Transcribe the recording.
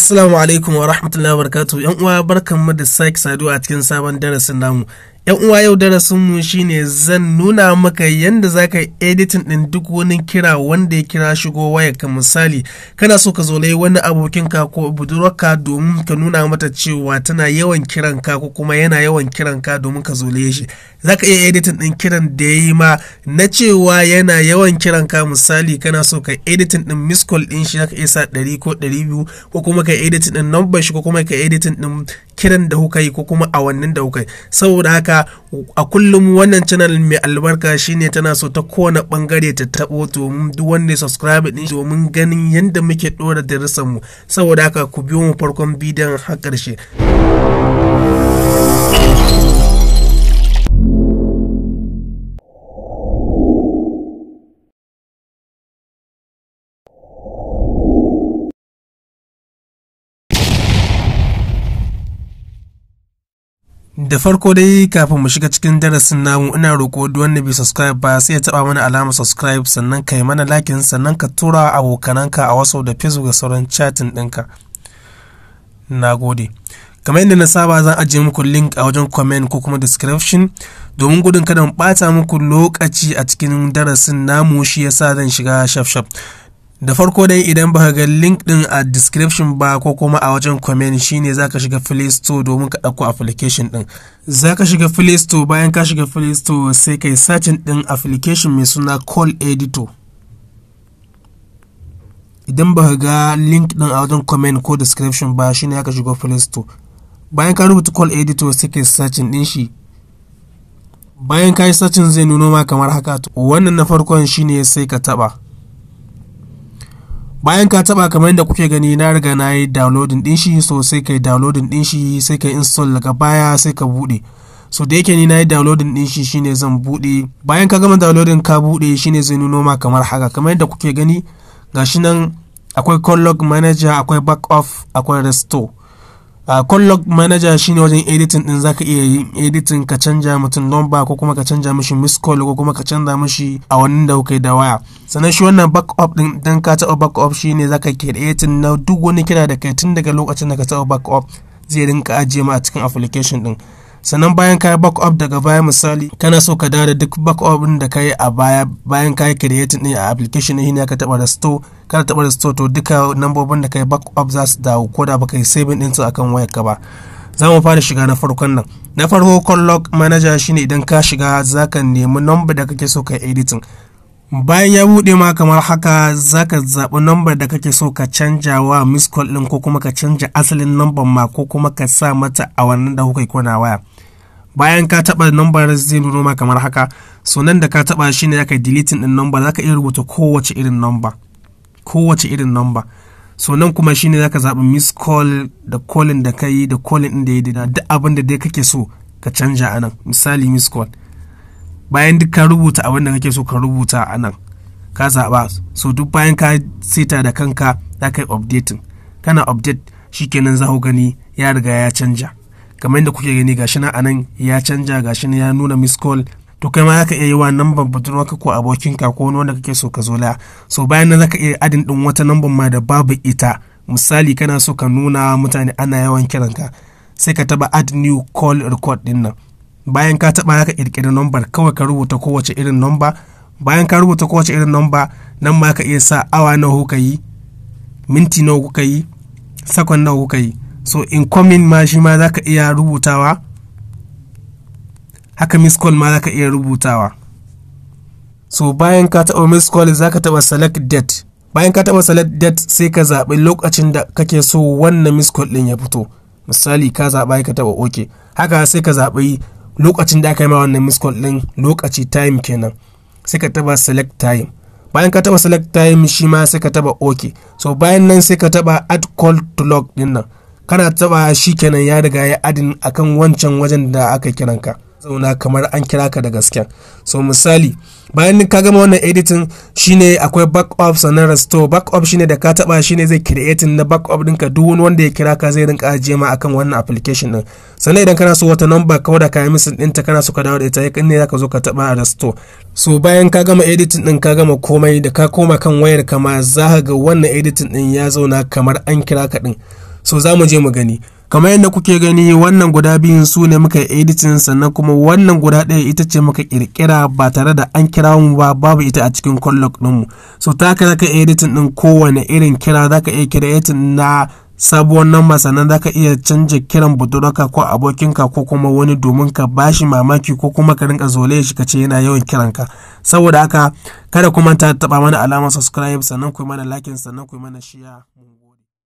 Assalamu alaikum wa rahmatullahi wa ‘Yan uwa barkan mu da sake saduwa a cikin sabon darasin namu. yan uwa yau darasin mu shine zan nuna maka yadda za ka editing ɗin duk wani kira wanda ya kira shigo waya ka misali kana so ka zolai wani abokinka ko budurwarka domin ka nuna mata cewa tana yawan kiran ka ko kuma yana yawan kiran ka domin ka zole shi za ka iya editing ɗin kiran da ya yi ma na cewa yana yawan kiran ka misali kana so ka editing ɗin miss ɗin shi za iya sa ɗari ko ɗari biyu ko kuma ka editing ɗin number shi ko kuma ka editing ɗin kiran da kuka yi ko kuma awannin da kuka yi saboda haka haka a kullum wannan channel mai albarka shine tana so ta kowane bangare ta tabo domin duk wanda subscribe din domin ganin yadda muke dora darasan mu saboda haka ku biyo mu farkon bidiyon har ƙarshe. da farko dai kafin mu shiga cikin darasin namu ina roƙo duk wanda bai subscribe ba sai ya taba mana alamar subscribe sannan kai mana lakin sannan ka tura abokananka a wasu da facebook da sauran chatin ɗinka na gode kamar yadda na saba zan ajiye muku link a wajen comment ko kuma description domin gudun kada mu ɓata muku lokaci a cikin darasin namu shi yasa zan shiga shafshaf da farko dai idan ba ga link din a description ba ko kuma a wajen comment shine zaka shiga play store domin ka ɗauko application din zaka shiga play store bayan ka shiga play store sai kai searching din application mai suna call editor idan ba ga link din a wajen comment ko description ba shine zaka shiga play store bayan ka rubuta call editor sai kai searching din shi bayan ka yi searching zai nuno ma kamar haka wannan na farkon shine sai ka taba bayan ka taba kamar yadda kuke gani na riga na yi downloading din shi so sai kai downloading din shi sai kai install daga baya sai ka bude so da yake ni na yi downloading din shi shine zan bude bayan ka gama downloading ka bude shine zai nuno ma kamar haka kamar yadda kuke gani gashi nan akwai log manager akwai back off akwai restore a manaja manager shine wajen editing din zaka iya yin editing ka canja mutum number ko kuma ka canja mishi miss call ko kuma ka canza mishi a wannan da kai da waya sannan shi wannan backup din dan ka taɓa backup shine zaka editing na duk wani kira da kai tun daga lokacin da ka taɓa backup zai rinka ajiye ma a cikin application din sannan bayan ka yi backup daga baya misali kana so ka da duk backup din da ka yi a baya bayan ka yi creating din a application din ne ka taba restore ka taba restore to duka nambobin da ka yi backup za su dawo ko da baka yi saving din su akan wayar ka ba za mu fara shiga na farkon nan na farko call log manager shine idan ka shiga zaka nemi number da kake so ka editing bayan ya buɗe ma kamar haka zaka ka zaɓi nambar da kake so ka canja wa miss call ɗin ko kuma ka canja asalin nambar ma ko kuma ka sa mata a wannan da kuka kona waya bayan ka taɓa nambar zai nuno ma kamar haka so nan da ka taɓa shi ne zaka deleting ɗin number zaka iya rubuta kowace irin namba kowace irin namba so nan kuma shine zaka zaɓi miss call da calling da kai da calling ɗin da ya duk abin da dai kake so ka canja anan misali miss call bayan duk ka rubuta abin da kake so ka rubuta a nan ka zaɓa so duk bayan ka seta da kanka za ka yi updating kana update shikenan za ku gani ya riga ya canja kamar yadda kuke gani gashi nan anan ya canja gashi nan ya nuna miss call to kai ma zaka iya yi wa namban ka ko abokinka ko wani wanda kake so ka zo la so bayan nan ka iya adin din wata namban ma da babu ita misali kana so ka nuna mutane ana yawan kiran ka sai ka taba add new call record din nan bayan ka taɓa ka ƙirƙiri nombar kawai ka rubuta kowace irin nomba bayan ka rubuta kowace irin nomba nan ma ka iya sa awa nawa kuka yi minti nawa kuka yi sakon nawa kuka yi so komin ma shi ma za ka iya rubutawa haka miss call ma za ka iya rubutawa so bayan ka taɓa miss call za ka taɓa select date bayan ka taɓa select date sai ka zaɓi lokacin da kake so wannan miss call ɗin ya fito misali ka zaɓa ka taɓa ok haka sai ka zaɓi lokacin da aka yi ma wannan miss ɗin lokaci time kenan sai ka taba select time bayan ka taba select time shi ma sai ka taba ok so bayan nan sai ka taba add call to log din nan kana taba shi kenan ya riga ya adin akan wancan wajen da aka kiranka zauna kamar an kira ka da gasken so misali bayan ka gama wannan editing shine akwai back up sannan restore back up shine da ka taba shine zai creating na back up ɗinka duk wani wanda ya kira ka zai rinka ajiye ma akan wannan application din sannan idan kana so wata number ka da ka yi din ta kana so ka dawo da ita yakin ne zaka zo ka taba a restore so bayan ka gama editing din ka gama komai da ka koma kan wayar kama za ga wannan editing din ya zauna kamar an kira ka din so za mu je mu gani kamar yadda kuke gani wannan guda biyun su ne muka editing sannan kuma wannan guda ɗaya ita ce muka ƙirƙira ba tare da an kira mu ba babu ita a cikin kwallok ɗinmu so ta ka zaka editing ɗin kowane irin kira zaka iya kira creating na sabuwar namba sannan za ka iya canja kiran budurwarka ko abokinka ko kuma wani domin ka bashi mamaki ko kuma ka rinka zole shi ka ce yana yawan kiran ka saboda haka kada kuma ta taba mana alamar subscribe sannan ku mana like sannan ku mana share